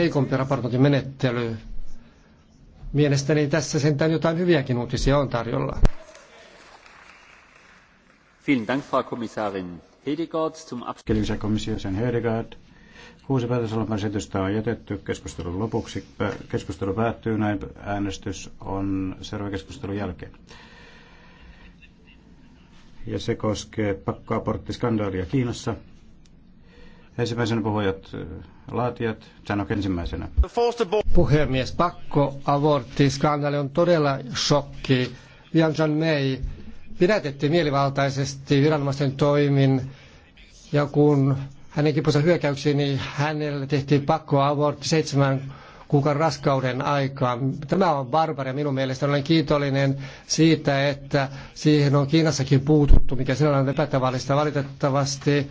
heikompi raportointimenettely. Mielestäni tässä sentään jotain hyviäkin uutisia on tarjolla. Vielen Dank, Frau Kommissarin Hedegaard. Zum Abschluss. komission Hedegaard. Kuusi päätösalomaesitystä on jätetty keskustelun lopuksi. Keskustelu päättyy näin. Äänestys on seuraava keskustelun jälkeen. Ja se koskee pakkoaporttiskandaalia Kiinassa. Ensimmäisenä puhujat laatijat. Sanok ensimmäisenä. Puhemies, pakko on todella shokki. Vianjan May pidätettiin mielivaltaisesti viranomaisten toimin ja kun hänen kipunsa hyökkäyksiin, niin hänelle tehtiin pakkoabortti seitsemän kuukauden raskauden aikaan. Tämä on barbaria minun mielestäni. Olen kiitollinen siitä, että siihen on Kiinassakin puututtu, mikä sinällään on epätavallista. Valitettavasti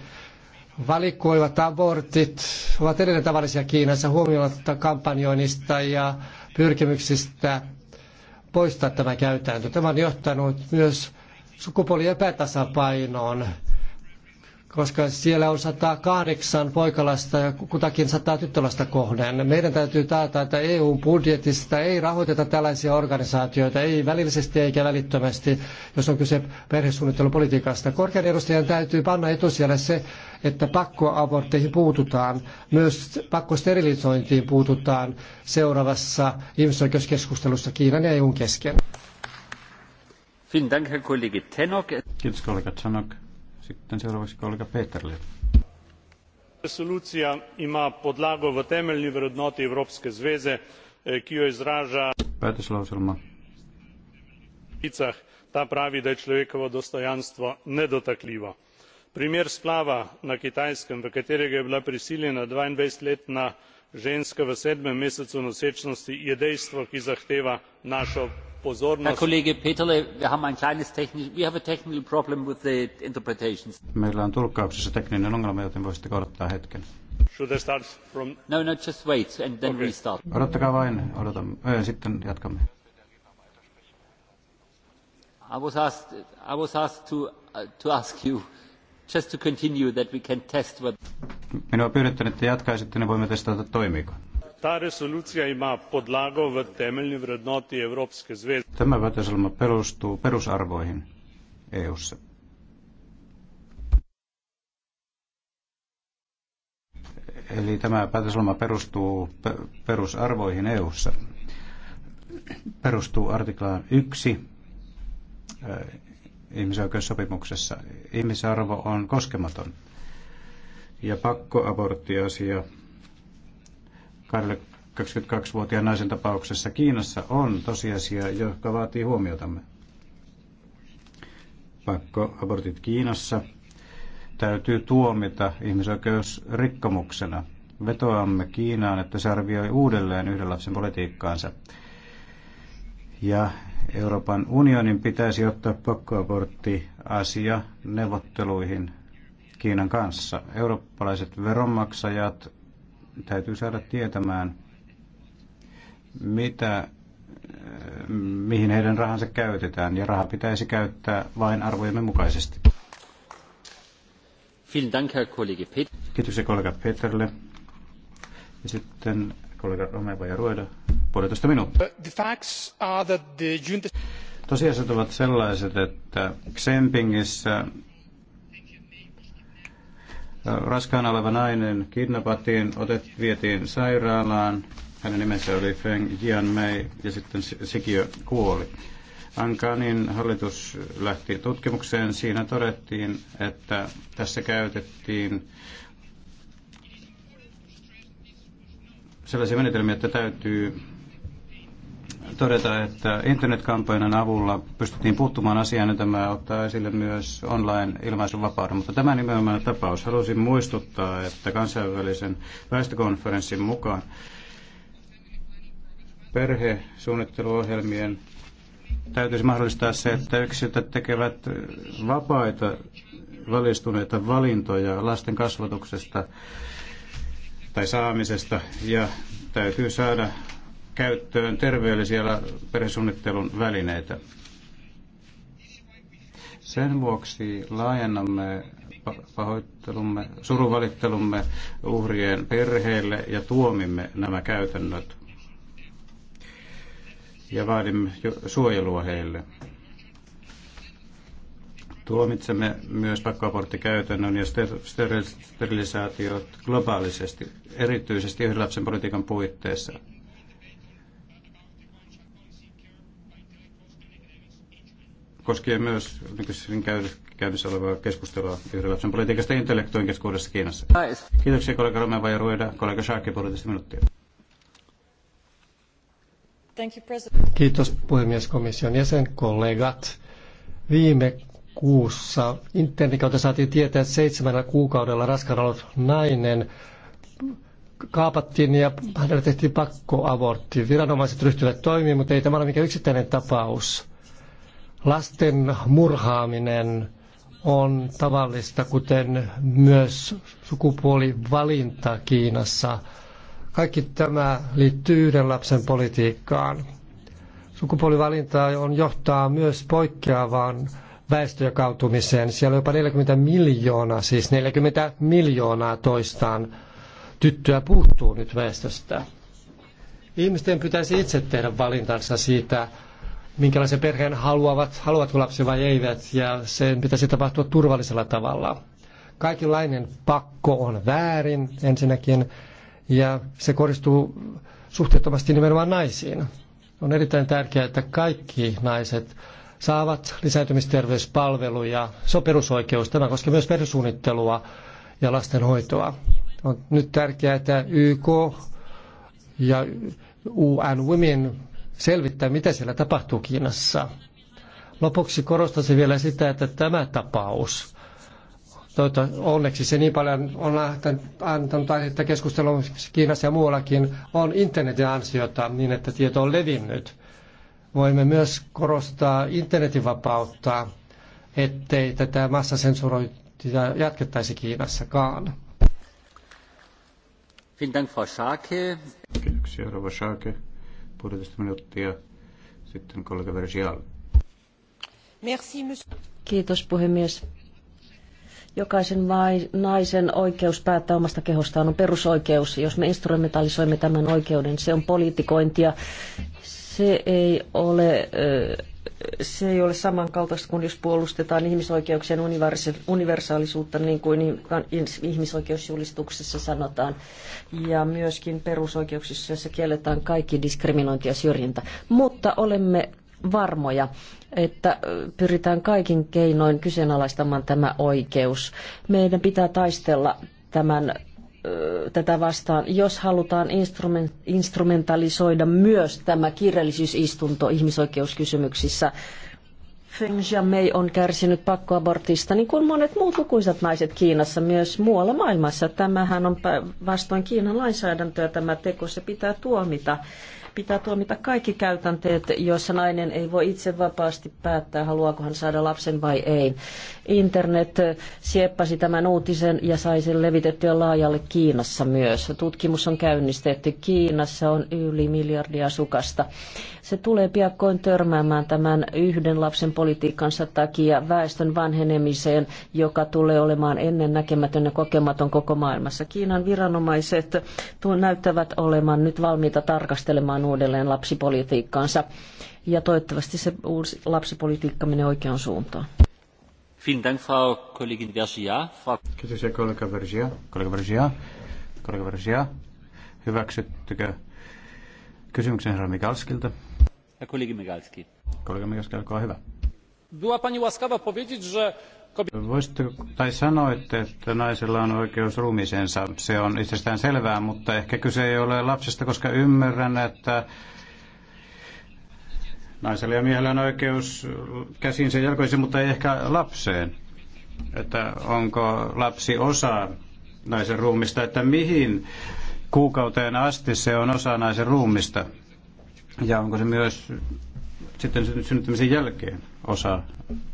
valikoivat abortit ovat edelleen tavallisia Kiinassa huomioimatta kampanjoinnista ja pyrkimyksistä poistaa tämä käytäntö. Tämä on johtanut myös sukupuolien epätasapainoon koska siellä on 108 poikalasta ja kutakin 100 tyttölasta kohden. Meidän täytyy taata, että EU-budjetista ei rahoiteta tällaisia organisaatioita, ei välillisesti eikä välittömästi, jos on kyse perhesuunnittelupolitiikasta. Korkean edustajan täytyy panna etusijalle se, että pakkoabortteihin puututaan, myös pakkosterilisointiin puututaan seuraavassa ihmisoikeuskeskustelussa Kiinan ja EUn kesken. Kiitos kollega sitten seuraavaksi kollega Peterle. Resolucija ima podlago v temeljni vrednoti Evropske zveze, eh, ki jo izraža Päätöslauselma. Ta pravi, da je človekovo dostojanstvo nedotakljivo. Primer splava na Kitajskem, v katerega je bila prisiljena dvaindvajset letna ženska v sedmem mesecu nosečnosti, je dejstvo, ki zahteva našo pozornost... Meillä on tulkkauksessa tekninen ongelma, joten voisitteko odottaa hetken. No, no, just wait and Odottakaa vain, sitten jatkamme. Uh, Minua pyydettiin, että jatkaisitte, niin voimme testata toimiiko ta resoluutio ima podlago v temeljni vrednoti Evropske zveze. Tämä päätöselma perustuu perusarvoihin EU:ssa. Eli tämä päätöselma perustuu perusarvoihin EU:ssa. Perustuu artiklaan 1 äh, ihmisoikeussopimuksessa. Ihmisarvo on koskematon. Ja pakkoaborttiasia 22-vuotiaan naisen tapauksessa Kiinassa on tosiasia, joka vaatii huomiotamme. abortit Kiinassa täytyy tuomita ihmisoikeusrikkomuksena. Vetoamme Kiinaan, että se arvioi uudelleen yhden lapsen politiikkaansa. Ja Euroopan unionin pitäisi ottaa pakkoaborttiasia neuvotteluihin Kiinan kanssa. Eurooppalaiset veronmaksajat täytyy saada tietämään, mitä, mihin heidän rahansa käytetään, ja raha pitäisi käyttää vain arvojemme mukaisesti. Kiitos kollega Peterle. Ja sitten kollega Romeva ja Ruoda, puolitoista minuuttia. Uh, Tosiasiat ovat sellaiset, että Xempingissä Raskaana oleva nainen kidnappattiin, otet, vietiin sairaalaan. Hänen nimensä oli Feng Jianmei ja sitten sikiö kuoli. Ankanin hallitus lähti tutkimukseen. Siinä todettiin, että tässä käytettiin sellaisia menetelmiä, että täytyy todeta, että internetkampanjan avulla pystyttiin puuttumaan asiaan ja niin tämä ottaa esille myös online-ilmaisunvapauden. Mutta tämä nimenomaan tapaus halusin muistuttaa, että kansainvälisen väestökonferenssin mukaan perhesuunnitteluohjelmien täytyisi mahdollistaa se, että yksilöt tekevät vapaita valistuneita valintoja lasten kasvatuksesta tai saamisesta ja täytyy saada käyttöön terveellisiä perhesuunnittelun välineitä. Sen vuoksi laajennamme pahoittelumme, suruvalittelumme uhrien perheille ja tuomimme nämä käytännöt ja vaadimme suojelua heille. Tuomitsemme myös pakkoaborttikäytännön ja sterilisaatiot globaalisesti, erityisesti yhden lapsen politiikan puitteissa. koskee myös nykyisin käynnissä olevaa keskustelua yhden lapsen politiikasta intellektuin keskuudessa Kiinassa. Kiitoksia kollega Romeva ja Rueda, kollega Sharkin puolitoista minuuttia. Kiitos puhemies komission jäsen, kollegat. Viime kuussa internetin kautta saatiin tietää, että seitsemällä kuukaudella raskaana ollut nainen kaapattiin ja hänelle tehtiin pakkoabortti. Viranomaiset ryhtyivät toimiin, mutta ei tämä ole mikään yksittäinen tapaus Lasten murhaaminen on tavallista, kuten myös sukupuolivalinta Kiinassa. Kaikki tämä liittyy yhden lapsen politiikkaan. Sukupuolivalinta on johtaa myös poikkeavaan väestöjakautumiseen. Siellä on jopa 40 miljoonaa, siis 40 miljoonaa toistaan tyttöä puuttuu nyt väestöstä. Ihmisten pitäisi itse tehdä valintansa siitä, minkälaisen perheen haluavat, haluavatko lapsi vai eivät, ja sen pitäisi tapahtua turvallisella tavalla. Kaikenlainen pakko on väärin ensinnäkin, ja se kohdistuu suhteettomasti nimenomaan naisiin. On erittäin tärkeää, että kaikki naiset saavat lisääntymisterveyspalveluja. Se on perusoikeus. Tämä koskee myös perhesuunnittelua ja lastenhoitoa. On nyt tärkeää, että YK ja UN Women selvittää, mitä siellä tapahtuu Kiinassa. Lopuksi korostaisin vielä sitä, että tämä tapaus, toita, onneksi se niin paljon on antanut aihetta keskustelua Kiinassa ja muuallakin, on internetin ansiota niin, että tieto on levinnyt. Voimme myös korostaa internetin vapautta, ettei tätä massasensurointia jatkettaisi Kiinassakaan. Kiitoksia, Rova puolitoista minuuttia. Sitten kollega Vergial. Kiitos puhemies. Jokaisen naisen oikeus päättää omasta kehostaan on perusoikeus. Jos me instrumentalisoimme tämän oikeuden, se on politikointia. Se ei ole... Ö, se ei ole samankaltaista kuin jos puolustetaan ihmisoikeuksien universaalisuutta, niin kuin ihmisoikeusjulistuksessa sanotaan. Ja myöskin perusoikeuksissa, jossa kielletään kaikki diskriminointi ja syrjintä. Mutta olemme varmoja, että pyritään kaikin keinoin kyseenalaistamaan tämä oikeus. Meidän pitää taistella tämän tätä vastaan, jos halutaan instrumentalisoida myös tämä kirjallisuusistunto ihmisoikeuskysymyksissä. Feng Jiamei on kärsinyt pakkoabortista, niin kuin monet muut lukuisat naiset Kiinassa, myös muualla maailmassa. Tämähän on vastoin Kiinan lainsäädäntöä tämä teko, se pitää tuomita. Pitää tuomita kaikki käytänteet, joissa nainen ei voi itse vapaasti päättää, haluaako hän saada lapsen vai ei. Internet sieppasi tämän uutisen ja sai sen levitettyä laajalle Kiinassa myös. Tutkimus on käynnistetty. Kiinassa on yli miljardia asukasta. Se tulee piakkoin törmäämään tämän yhden lapsen politiikkansa takia väestön vanhenemiseen, joka tulee olemaan ennen näkemätön ja kokematon koko maailmassa. Kiinan viranomaiset näyttävät olemaan nyt valmiita tarkastelemaan uudelleen lapsipolitiikkaansa. Ja toivottavasti se uusi lapsipolitiikka menee oikeaan suuntaan. Kiitos kollega Vergia. Kollega Vergia. Kollega Vergia. Hyväksyttekö kysymyksen herra Mikalskilta? Ja kollega Mikalski. Kollega Mikalski, olkaa hyvä. Była pani łaskawa powiedzieć, że Voisitteko, tai sanoitte, että naisella on oikeus ruumisensa. Se on itsestään selvää, mutta ehkä kyse ei ole lapsesta, koska ymmärrän, että naisella ja miehellä on oikeus käsiin sen jalkoisin, mutta ei ehkä lapseen. Että onko lapsi osa naisen ruumista, että mihin kuukauteen asti se on osa naisen ruumista. Ja onko se myös sitten synnyttämisen jälkeen osa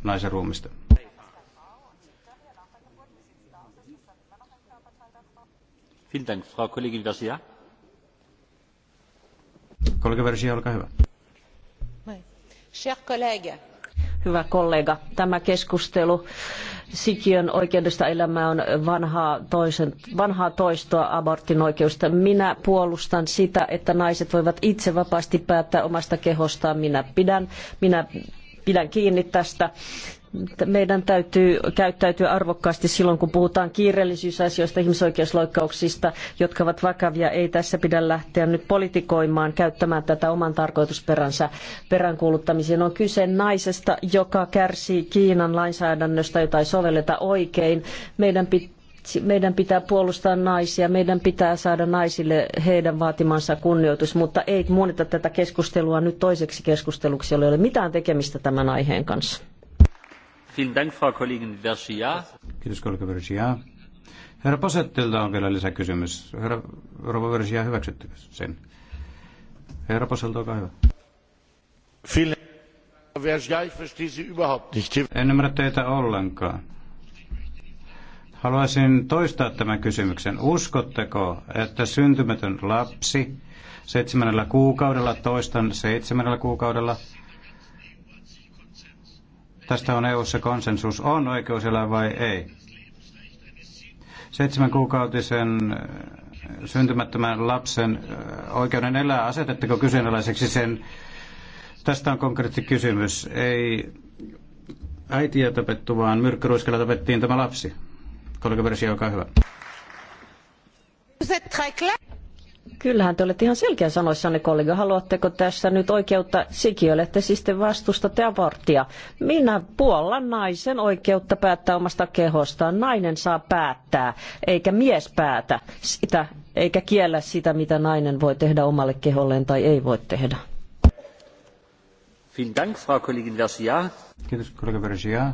naisen ruumista? hyvä. Niin. Hyvä kollega, tämä keskustelu sikiön oikeudesta elämään on vanhaa, toisen, vanhaa toistoa abortin oikeusta. Minä puolustan sitä, että naiset voivat itse vapaasti päättää omasta kehostaan. Minä pidän, minä pidän kiinni tästä meidän täytyy käyttäytyä arvokkaasti silloin, kun puhutaan kiireellisyysasioista, ihmisoikeusloikkauksista, jotka ovat vakavia. Ei tässä pidä lähteä nyt politikoimaan, käyttämään tätä oman tarkoitusperänsä peräänkuuluttamiseen. On kyse naisesta, joka kärsii Kiinan lainsäädännöstä, jota ei sovelleta oikein. Meidän pitää meidän pitää puolustaa naisia, meidän pitää saada naisille heidän vaatimansa kunnioitus, mutta ei muunita tätä keskustelua nyt toiseksi keskusteluksi, jolla ei ole mitään tekemistä tämän aiheen kanssa. Kiitos kollega Vergia. Herra Posettilta on vielä lisäkysymys. Herra Rova Vergia, hyväksyttekö sen? Herra Poselta, olkaa hyvä. En ymmärrä teitä ollenkaan. Haluaisin toistaa tämän kysymyksen. Uskotteko, että syntymätön lapsi seitsemännellä kuukaudella, toistan seitsemännellä kuukaudella, tästä on EU-ssa konsensus, on oikeus elää vai ei? kuukautisen äh, syntymättömän lapsen äh, oikeuden elää, asetetteko kyseenalaiseksi sen? Tästä on konkreetti kysymys. Ei äitiä tapettu, vaan myrkkyruiskella tapettiin tämä lapsi. Kollega olkaa hyvä. Kyllähän te olette ihan selkeä sanoissanne, kollega. Haluatteko tässä nyt oikeutta sikiölle, että siis te vastustatte aborttia? Minä puollan naisen oikeutta päättää omasta kehostaan. Nainen saa päättää, eikä mies päätä sitä, eikä kiellä sitä, mitä nainen voi tehdä omalle keholleen tai ei voi tehdä. Vielen Dank, Frau Kollegin Kiitos, kollega Bergia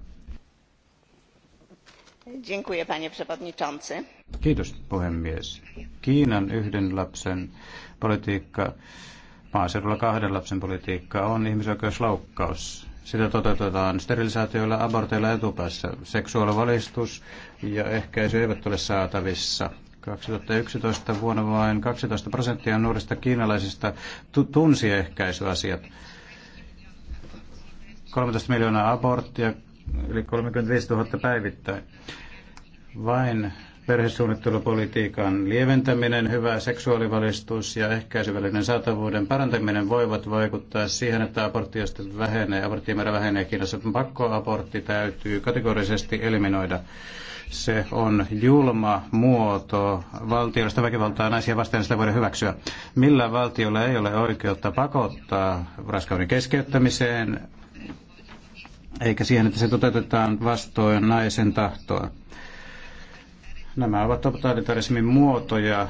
Kiitos puhemies. Kiinan yhden lapsen politiikka, maaseudulla kahden lapsen politiikka on ihmisoikeusloukkaus. Sitä toteutetaan sterilisaatioilla, aborteilla etupäässä. Seksuaalivalistus ja ehkäisy eivät ole saatavissa. 2011 vuonna vain 12 prosenttia nuorista kiinalaisista tunsi ehkäisyasiat. 13 miljoonaa aborttia, yli 35 000 päivittäin. Vain perhesuunnittelupolitiikan lieventäminen, hyvä seksuaalivalistus ja ehkäisyvälinen saatavuuden parantaminen voivat vaikuttaa siihen, että abortti vähenee, aborttimäärä vähenee Kiinassa. Pakkoabortti täytyy kategorisesti eliminoida. Se on julma muoto valtiollista väkivaltaa naisia vastaan sitä voidaan hyväksyä. Millä valtiolla ei ole oikeutta pakottaa raskauden keskeyttämiseen, eikä siihen, että se toteutetaan vastoin naisen tahtoa. Nämä ovat totalitarismin muotoja.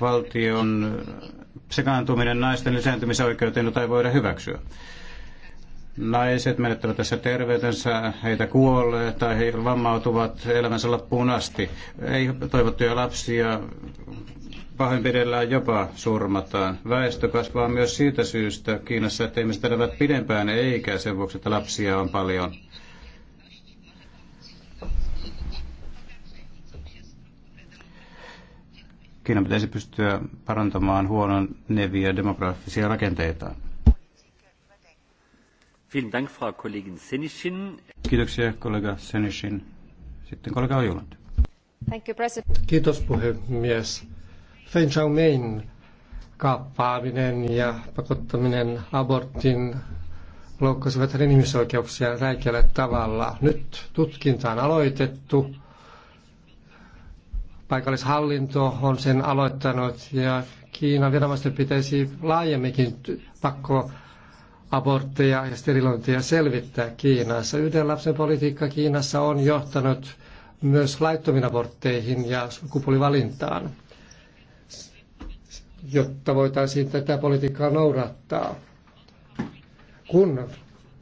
Valtion sekaantuminen naisten lisääntymisoikeuteen jota ei voida hyväksyä naiset menettävät tässä terveytensä, heitä kuolee tai he vammautuvat elämänsä loppuun asti. Ei toivottuja lapsia pahoinpidellään jopa surmataan. Väestö kasvaa myös siitä syystä Kiinassa, että ihmiset elävät pidempään eikä sen vuoksi, että lapsia on paljon. Kiinan pitäisi pystyä parantamaan huonon neviä demografisia rakenteitaan. Kiitoksia kollega Senishin. Sitten kollega Ojuland. Kiitos puhemies. Feng Xiaomein kaappaaminen ja pakottaminen abortin loukkasivat hänen ihmisoikeuksia räikeällä tavalla. Nyt tutkinta on aloitettu. Paikallishallinto on sen aloittanut ja Kiinan viranomaisten pitäisi laajemminkin pakko abortteja ja sterilointeja selvittää Kiinassa. Yhden lapsen politiikka Kiinassa on johtanut myös laittomiin abortteihin ja sukupuolivalintaan, jotta voitaisiin tätä politiikkaa noudattaa. Kun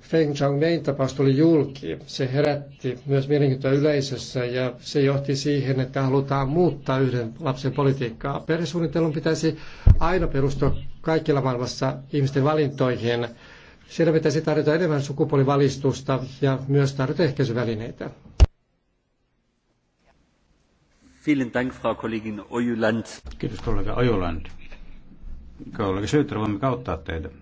Feng Changmein tapaus tuli julki, se herätti myös mielenkiintoa yleisössä ja se johti siihen, että halutaan muuttaa yhden lapsen politiikkaa. Perhesuunnittelun pitäisi aina perustua kaikilla maailmassa ihmisten valintoihin – siellä pitäisi tarjota enemmän sukupuolivalistusta ja myös tarjota ehkäisyvälineitä. Vielen Dank, Frau Kollegin Ojuland. Kiitos, kollega Ojuland. Kollega Syytter, voimme kauttaa teitä.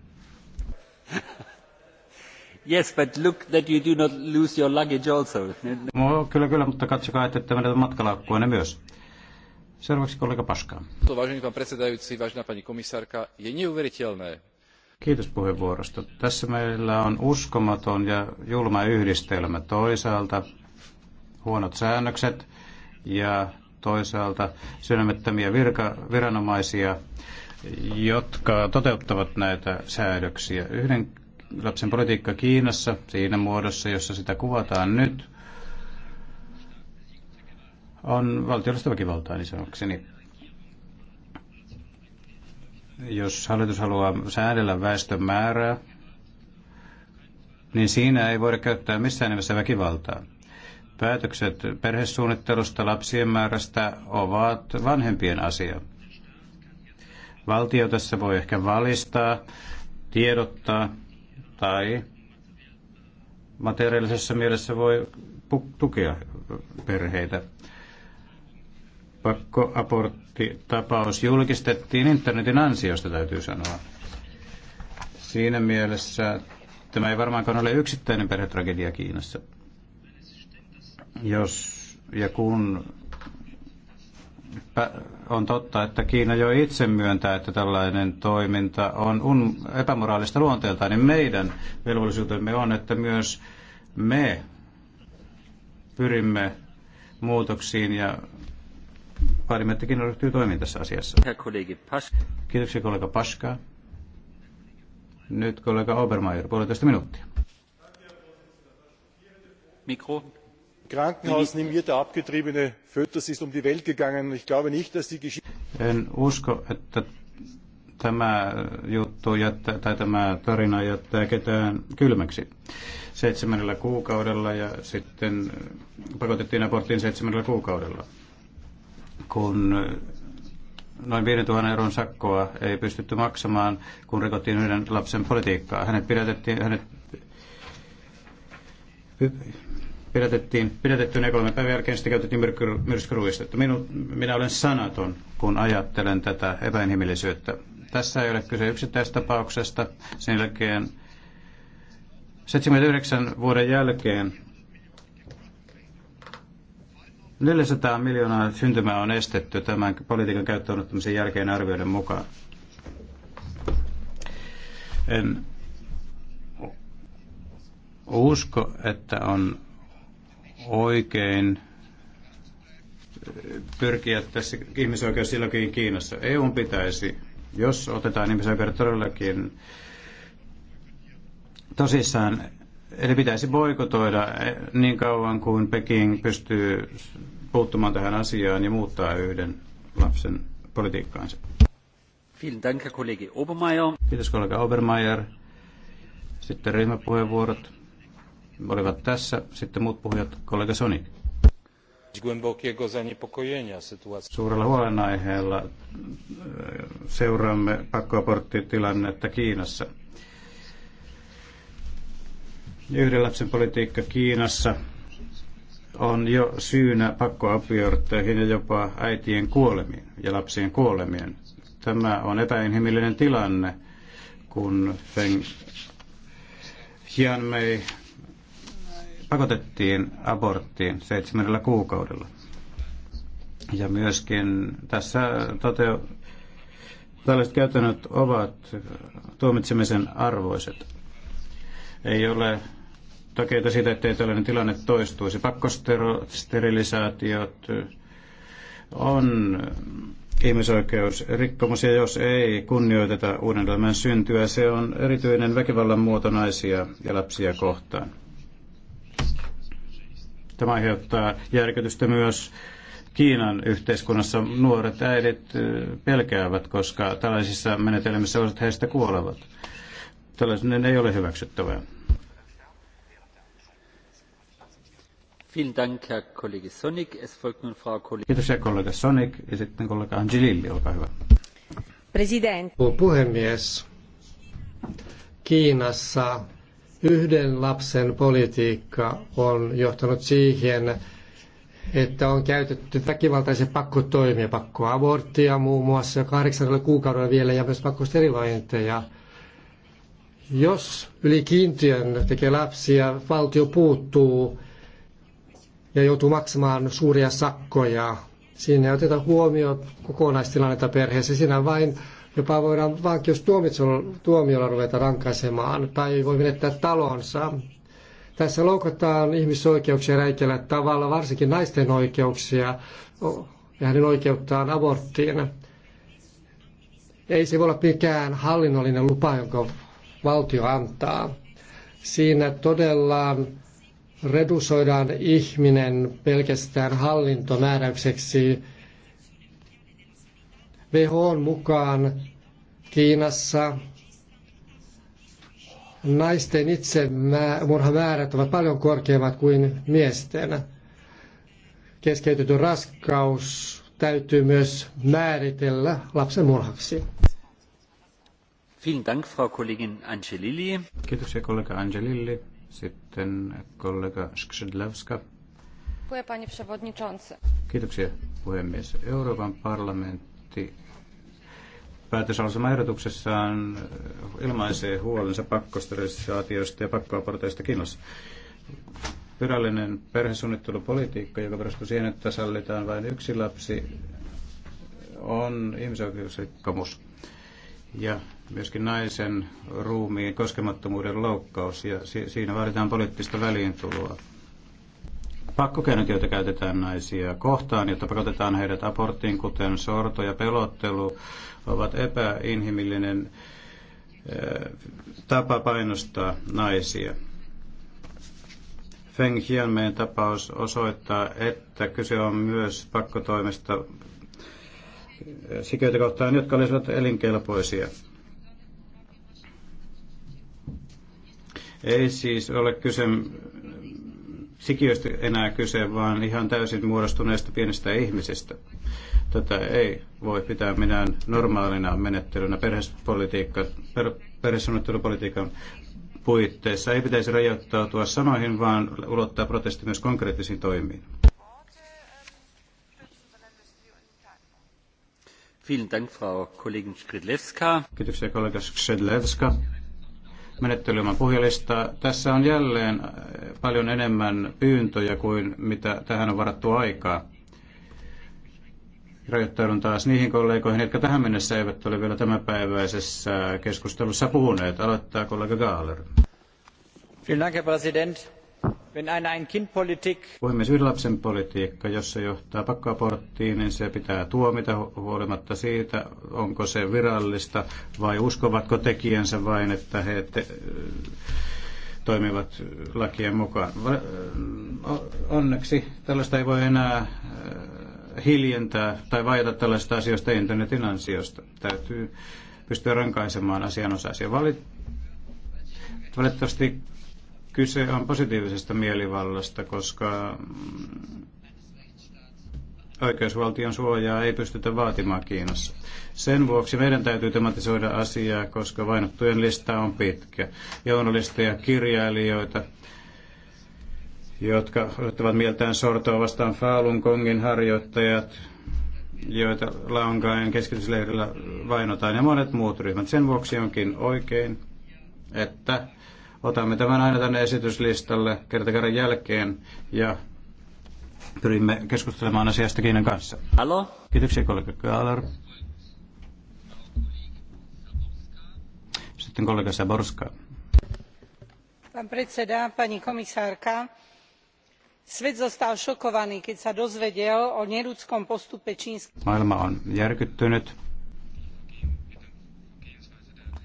Yes, but look that you do not lose your luggage also. No, kyllä, kyllä, mutta katsokaa, että ette menetä matkalaukkuanne myös. Seuraavaksi kollega Paška. Vážený pán predsedajúci, vážená pani komisárka, je neuveriteľné, Kiitos puheenvuorosta. Tässä meillä on uskomaton ja julma yhdistelmä. Toisaalta huonot säännökset ja toisaalta sydämettömiä virka, viranomaisia, jotka toteuttavat näitä säädöksiä. Yhden lapsen politiikka Kiinassa siinä muodossa, jossa sitä kuvataan nyt, on valtiollista väkivaltaa niin sanokseni. Jos hallitus haluaa säädellä väestön määrää, niin siinä ei voida käyttää missään nimessä väkivaltaa. Päätökset perhesuunnittelusta, lapsien määrästä ovat vanhempien asia. Valtio tässä voi ehkä valistaa, tiedottaa tai materiaalisessa mielessä voi tukea perheitä pakkoaborttitapaus julkistettiin internetin ansiosta, täytyy sanoa. Siinä mielessä tämä ei varmaankaan ole yksittäinen perhetragedia Kiinassa. Jos ja kun on totta, että Kiina jo itse myöntää, että tällainen toiminta on un- epämoraalista luonteeltaan, niin meidän velvollisuutemme on, että myös me pyrimme muutoksiin ja parlamenttikin ryhtyy toimiin tässä asiassa. Kiitoksia kollega Paska. Nyt kollega Obermeier, puolitoista minuuttia. Mikro. Krankenhaus nimmierter abgetriebene Fötus ist um die Welt gegangen. Ich glaube nicht, dass die Geschichte... En usko, että tämä juttu jättää, tai tämä tarina jättää ketään kylmäksi seitsemännellä kuukaudella ja sitten pakotettiin aborttiin seitsemännellä kuukaudella kun noin 5000 euron sakkoa ei pystytty maksamaan, kun rikottiin yhden lapsen politiikkaa. Hänet pidätettiin, hänet pidätettiin, pidätettiin ja kolme päivän jälkeen sitten käytettiin myrskyruistetta. Minu, minä olen sanaton, kun ajattelen tätä epäinhimillisyyttä. Tässä ei ole kyse tapauksesta. Sen jälkeen 79 vuoden jälkeen 400 miljoonaa syntymää on estetty tämän politiikan käyttöönottamisen jälkeen arvioiden mukaan. En usko, että on oikein pyrkiä tässä ihmisoikeussilläkin Kiinassa. EU pitäisi, jos otetaan ihmisoikeudet todellakin tosissaan Eli pitäisi boikotoida eh, niin kauan kuin Peking pystyy puuttumaan tähän asiaan ja muuttaa yhden lapsen politiikkaansa. Vielen Dank, Herr Obermeier. Kiitos, kollega Obermeier. Sitten ryhmäpuheenvuorot olivat tässä. Sitten muut puhujat, kollega Sonik. Suurella huolenaiheella eh, seuraamme pakkoaporttitilannetta Kiinassa. Yhden lapsen politiikka Kiinassa on jo syynä pakkoapiortteihin ja jopa äitien kuolemiin ja lapsien kuolemien. Tämä on epäinhimillinen tilanne, kun Feng Xianmei pakotettiin aborttiin seitsemällä kuukaudella. Ja myöskin tässä toteu, tällaiset käytännöt ovat tuomitsemisen arvoiset. Ei ole takeita siitä, ettei tällainen tilanne toistuisi. Pakkosterilisaatiot on ihmisoikeusrikkomus, ja jos ei kunnioiteta uuden elämän syntyä, se on erityinen väkivallan muoto naisia ja lapsia kohtaan. Tämä aiheuttaa järkytystä myös Kiinan yhteiskunnassa. Nuoret äidit pelkäävät, koska tällaisissa menetelmissä osat heistä kuolevat. Tällainen ei ole hyväksyttävää. Kiitos kollega ja kollega Angelilli, hyvä. Puhemies. Kiinassa yhden lapsen politiikka on johtanut siihen, että on käytetty väkivaltaisia pakkotoimia, pakkoaborttia muun muassa kahdeksannella kuukaudella vielä ja myös pakkosterilointeja. Jos yli kiintiön tekee lapsia, valtio puuttuu ja joutuu maksamaan suuria sakkoja. Siinä ei oteta huomioon kokonaistilannetta perheessä. Siinä vain jopa voidaan vankeustuomiolla ruveta rankaisemaan tai voi menettää talonsa. Tässä loukataan ihmisoikeuksia räikeällä tavalla, varsinkin naisten oikeuksia ja hänen oikeuttaan aborttiin. Ei se voi olla mikään hallinnollinen lupa, jonka valtio antaa. Siinä todella redusoidaan ihminen pelkästään hallintomääräykseksi. WHOn mukaan Kiinassa naisten itsemurhamäärät ovat paljon korkeammat kuin miesten. Keskeytetty raskaus täytyy myös määritellä lapsen murhaksi. Vielen Dank, Frau Kollegin Angelilli. Kiitoksia kollega Angelilli. Sitten kollega Skrzydlewska. Kiitoksia puhemies. Euroopan parlamentti päätöslauselmaehdotuksessaan eh, ilmaisee huolensa pakkosterilisaatioista ja pakkoaporteista Kiinassa. Virallinen perhesuunnittelupolitiikka, joka perustuu siihen, että sallitaan vain yksi lapsi, on ihmisoikeusrikkomus. Ja myöskin naisen ruumiin koskemattomuuden loukkaus ja si- siinä vaaditaan poliittista väliintuloa. Pakkokeinot, joita käytetään naisia kohtaan, jotta pakotetaan heidät aborttiin, kuten sorto ja pelottelu, ovat epäinhimillinen eh, tapa painostaa naisia. Feng Hianmeen tapaus osoittaa, että kyse on myös pakkotoimesta eh, sikiöitä kohtaan, jotka olisivat elinkelpoisia. Ei siis ole kyse sikiöstä enää kyse, vaan ihan täysin muodostuneesta pienestä ihmisestä. Tätä ei voi pitää minään normaalina menettelynä perhepolitiikka, per, perhesuunnittelupolitiikan puitteissa. Ei pitäisi rajoittautua sanoihin, vaan ulottaa protesti myös konkreettisiin toimiin. Vielen Dank, Frau Kollegin Skridlewska. Kiitoksia kollega Skridlewska menettelymän puhujalistaa. Tässä on jälleen paljon enemmän pyyntöjä kuin mitä tähän on varattu aikaa. Rajoittaudun taas niihin kollegoihin, jotka tähän mennessä eivät ole vielä tämänpäiväisessä keskustelussa puhuneet. Aloittaa kollega Gaaler. Vielen Dank, Herr Präsident. Puhemies, yhden lapsen politiikka, jos se johtaa pakkoaborttiin, niin se pitää tuomita huolimatta siitä, onko se virallista vai uskovatko tekijänsä vain, että he te- toimivat lakien mukaan. Onneksi tällaista ei voi enää hiljentää tai vaieta tällaista asioista internetin ansiosta. Täytyy pystyä rankaisemaan asianosaisia. valit. Valitettavasti Kyse on positiivisesta mielivallasta, koska oikeusvaltion suojaa ei pystytä vaatimaan Kiinassa. Sen vuoksi meidän täytyy tematisoida asiaa, koska vainottujen lista on pitkä. Journalisteja, kirjailijoita, jotka ottavat mieltään sortoa vastaan Falun kongin harjoittajat, joita Laongaen keskitysleirillä vainotaan ja monet muut ryhmät. Sen vuoksi onkin oikein, että Otamme tämän aina tänne esityslistalle kerran jälkeen ja pyrimme keskustelemaan asiasta Kiinan kanssa. Hallo, Kiitoksia kollega Kaalar. Sitten kollega Saborska. Pan predseda, pani komisárka, svet zostal šokovaný, keď sa dozvedel o neludskom postupe čínsky. Maailma on järkyttynyt,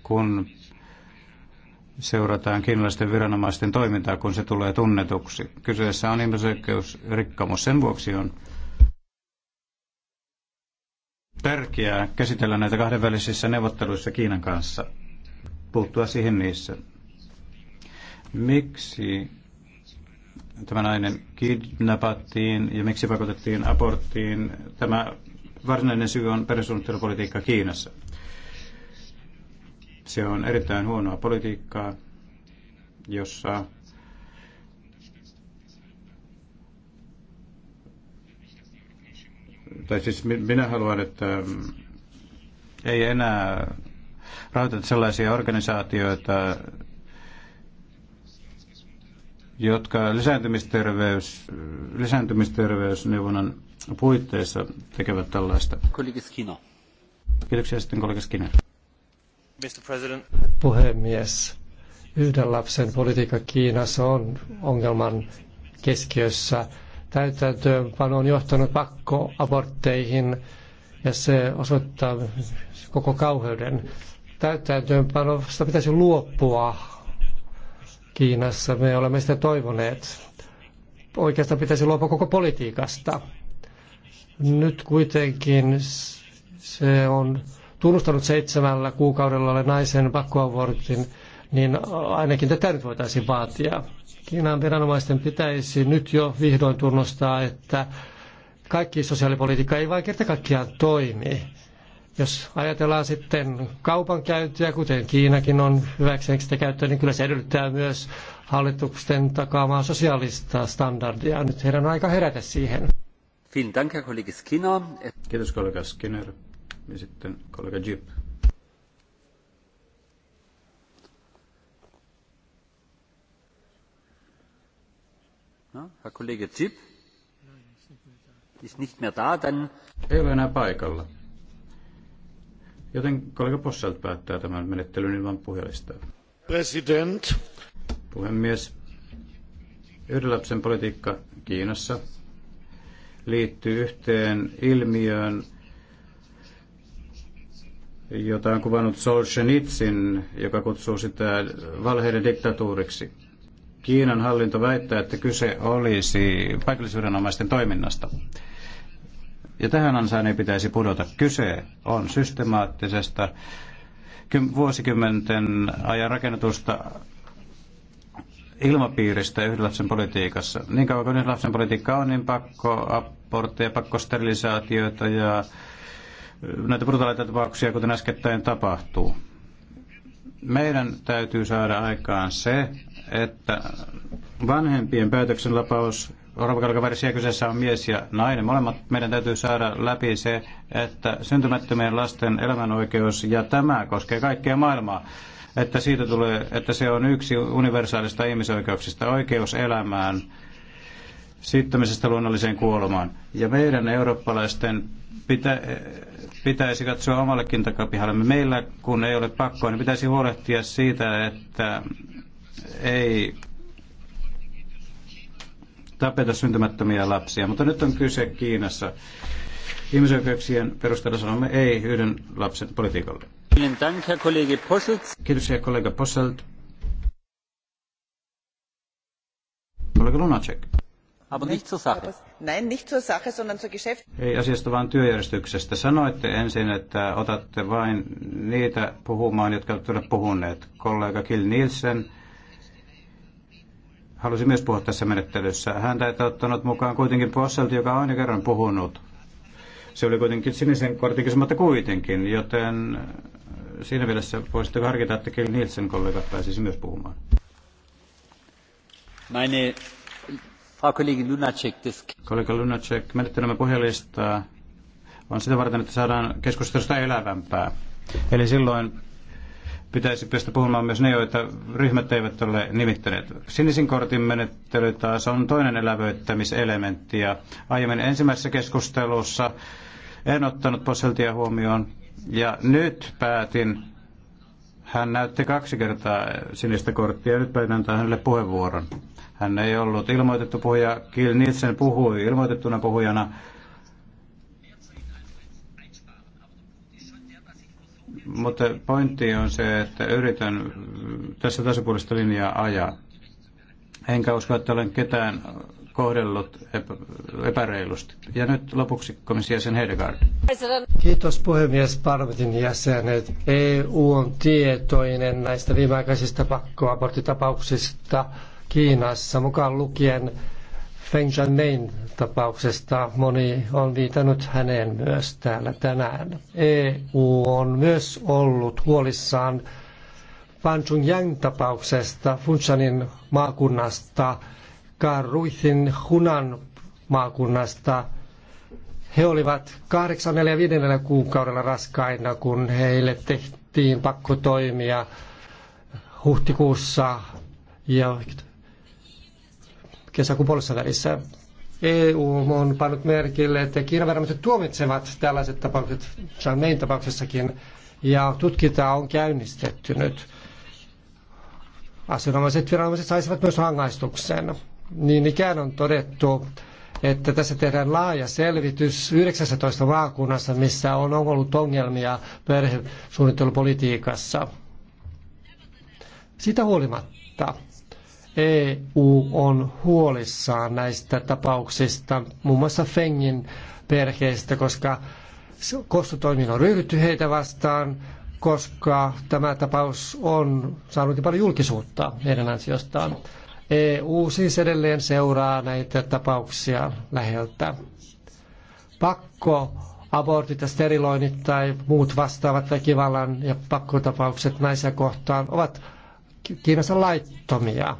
kun seurataan kiinalaisten viranomaisten toimintaa, kun se tulee tunnetuksi. Kyseessä on ihmisoikeusrikkomus. Sen vuoksi on tärkeää käsitellä näitä kahdenvälisissä neuvotteluissa Kiinan kanssa, puuttua siihen niissä. Miksi tämä nainen kidnappattiin ja miksi pakotettiin aborttiin? Tämä varsinainen syy on perussuunnittelupolitiikka Kiinassa. Se on erittäin huonoa politiikkaa, jossa tai siis minä haluan, että mm, ei enää rahoiteta sellaisia organisaatioita, jotka lisääntymisterveys, lisääntymisterveysneuvonnan puitteissa tekevät tällaista. Kiitoksia sitten kollega Skinner. Puhemies, yhden lapsen politiikka Kiinassa on ongelman keskiössä. Täytäntöönpano on johtanut pakkoabortteihin ja se osoittaa koko kauheuden. Täytäntöönpanosta pitäisi luopua Kiinassa. Me olemme sitä toivoneet. Oikeastaan pitäisi luopua koko politiikasta. Nyt kuitenkin se on tunnustanut seitsemällä kuukaudella ole naisen pakkoavortin, niin ainakin tätä nyt voitaisiin vaatia. Kiinan viranomaisten pitäisi nyt jo vihdoin tunnustaa, että kaikki sosiaalipolitiikka ei vain kerta kaikkiaan toimi. Jos ajatellaan sitten kaupankäyntiä, kuten Kiinakin on hyväkseen sitä käyttöä, niin kyllä se edellyttää myös hallituksen takaamaa sosiaalista standardia. Nyt heidän on aika herätä siihen. Kiitos kollega Skinner ja sitten kollega Jip. No, Herr Kollege Zip ist nicht mehr da, dann... Ei ole enää paikalla. Joten kollega Posselt päättää tämän menettelyn ilman puhelista. President. Puhemies. Yhden lapsen politiikka Kiinassa liittyy yhteen ilmiöön, jota on kuvannut Solzhenitsin, joka kutsuu sitä valheiden diktatuuriksi. Kiinan hallinto väittää, että kyse olisi paikallisviranomaisten toiminnasta. Ja tähän ansaan ei pitäisi pudota. Kyse on systemaattisesta vuosikymmenten ajan rakennetusta ilmapiiristä yhden lapsen politiikassa. Niin kauan kuin yhden lapsen politiikka on, niin pakko apportteja, pakko sterilisaatioita ja näitä brutaaleita tapauksia, kuten äskettäin tapahtuu. Meidän täytyy saada aikaan se, että vanhempien päätöksenlapaus Orvakalkavärisiä kyseessä on mies ja nainen. Molemmat meidän täytyy saada läpi se, että syntymättömien lasten elämänoikeus, ja tämä koskee kaikkea maailmaa, että siitä tulee, että se on yksi universaalista ihmisoikeuksista, oikeus elämään, siirtämisestä luonnolliseen kuolemaan. Ja meidän eurooppalaisten pitä, pitäisi katsoa omallekin takapihallemme. Meillä, kun ei ole pakkoa, niin pitäisi huolehtia siitä, että ei tapeta syntymättömiä lapsia. Mutta nyt on kyse Kiinassa. Ihmisoikeuksien perusteella sanomme ei yhden lapsen politiikalle. Kiitos, herra kollega Posselt. Kollega Lunacek aber nicht zur Sache. Nein, nicht zur Sache, sondern zur Geschäft. Ei asiasta vaan työjärjestyksestä. Sanoitte ensin, että otatte vain niitä puhumaan, jotka ovat tulleet puhuneet. Kollega Kill Nielsen halusi myös puhua tässä menettelyssä. Hän ei ottanut mukaan kuitenkin Posselti, joka on aina kerran puhunut. Se oli kuitenkin sinisen kortin kysymättä kuitenkin, joten siinä mielessä voisitteko harkita, että Kill Nielsen kollegat pääsisi myös puhumaan. Meine Kollega Lunacek, menettelemme puhelistaa on sitä varten, että saadaan keskustelusta elävämpää. Eli silloin pitäisi pystyä puhumaan myös ne, joita ryhmät eivät ole nimittäneet. Sinisin kortin menettely taas on toinen elävöittämiselementti. Ja aiemmin ensimmäisessä keskustelussa en ottanut Posseltia huomioon. Ja nyt päätin, hän näytti kaksi kertaa sinistä korttia, ja nyt päätin antaa hänelle puheenvuoron. Hän ei ollut ilmoitettu puhuja. Kiel Nielsen puhui ilmoitettuna puhujana. Mutta pointti on se, että yritän tässä tasapuolista linjaa ajaa. Enkä usko, että olen ketään kohdellut epäreilusti. Ja nyt lopuksi komission jäsen Hedegaard. Kiitos puhemies Parvetin jäsenet. EU on tietoinen näistä viimeaikaisista pakkoaborttitapauksista. Kiinassa, mukaan lukien Feng Jianmein tapauksesta. Moni on viitannut häneen myös täällä tänään. EU on myös ollut huolissaan Panchungyang tapauksesta Funchanin maakunnasta, Karuithin Hunan maakunnasta. He olivat 8, 4 5 kuukaudella raskaina, kun heille tehtiin pakkotoimia huhtikuussa ja kesäkuun puolessa välissä. EU on pannut merkille, että kiinaviranomaiset tuomitsevat tällaiset tapaukset, Charmain tapauksessakin, ja tutkinta on käynnistetty nyt. Asianomaiset viranomaiset saisivat myös rangaistuksen. Niin ikään on todettu, että tässä tehdään laaja selvitys 19 maakunnassa, missä on ollut ongelmia perhesuunnittelupolitiikassa. Sitä huolimatta EU on huolissaan näistä tapauksista, muun muassa Fengin perheestä, koska kostotoimiin on ryhdytty heitä vastaan, koska tämä tapaus on saanut paljon julkisuutta heidän ansiostaan. EU siis edelleen seuraa näitä tapauksia läheltä. Pakko abortit ja steriloinnit tai muut vastaavat väkivallan ja pakkotapaukset naisia kohtaan ovat Kiinassa laittomia.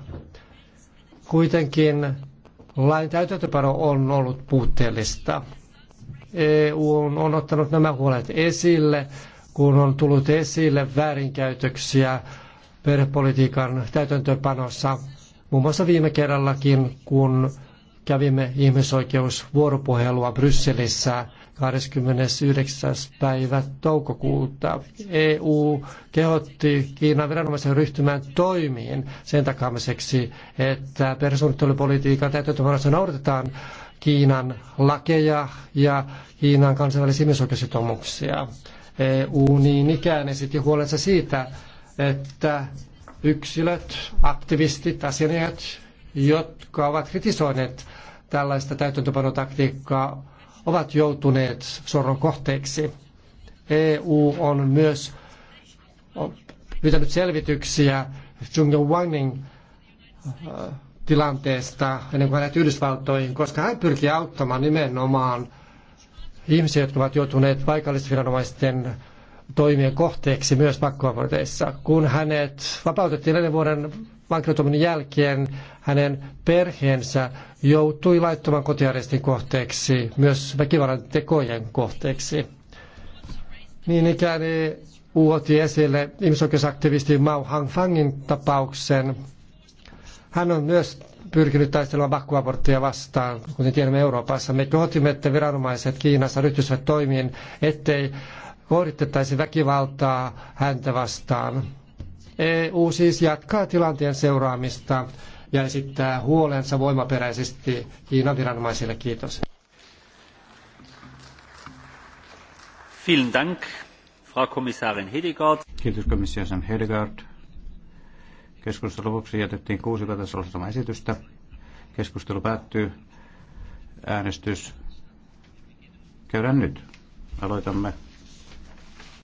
Kuitenkin lain täytäntöpano on ollut puutteellista. EU on, on ottanut nämä huolet esille, kun on tullut esille väärinkäytöksiä perhepolitiikan täytäntöpanossa. Muun muassa viime kerrallakin, kun kävimme ihmisoikeusvuoropuhelua Brysselissä, 29. päivä toukokuuta. EU kehotti Kiinan viranomaisen ryhtymään toimiin sen takaamiseksi, että perhesuunnittelupolitiikan täytäntöönpanossa noudatetaan Kiinan lakeja ja Kiinan kansainvälisiä ihmisoikeusitomuksia. EU niin ikään esitti huolensa siitä, että yksilöt, aktivistit, asianajat, jotka ovat kritisoineet tällaista täytäntöpanotaktiikkaa, ovat joutuneet sorron kohteeksi. EU on myös pyytänyt selvityksiä Jung Wangin äh, tilanteesta ennen kuin hänet Yhdysvaltoihin, koska hän pyrkii auttamaan nimenomaan ihmisiä, jotka ovat joutuneet paikallisviranomaisten toimien kohteeksi myös pakkoavorteissa. Kun hänet vapautettiin neljän vuoden vankeutuminen jälkeen, hänen perheensä joutui laittoman kotiarestin kohteeksi, myös väkivallan tekojen kohteeksi. Niin ikään e uoti esille ihmisoikeusaktivisti Mao Hangfangin tapauksen. Hän on myös pyrkinyt taistelemaan pakkoaborttia vastaan, kuten tiedämme Euroopassa. Me kohotimme, että viranomaiset Kiinassa ryhtyisivät toimiin, ettei kohdistettaisiin väkivaltaa häntä vastaan. EU siis jatkaa tilanteen seuraamista ja esittää huolensa voimaperäisesti Kiinan viranomaisille. Kiitos. Vielen Dank, Frau Kommissarin Hedegaard. Kiitos komissiosen Hedegaard. Keskustelun lopuksi jätettiin kuusi päätösolosatoma esitystä. Keskustelu päättyy. Äänestys käydään nyt. Aloitamme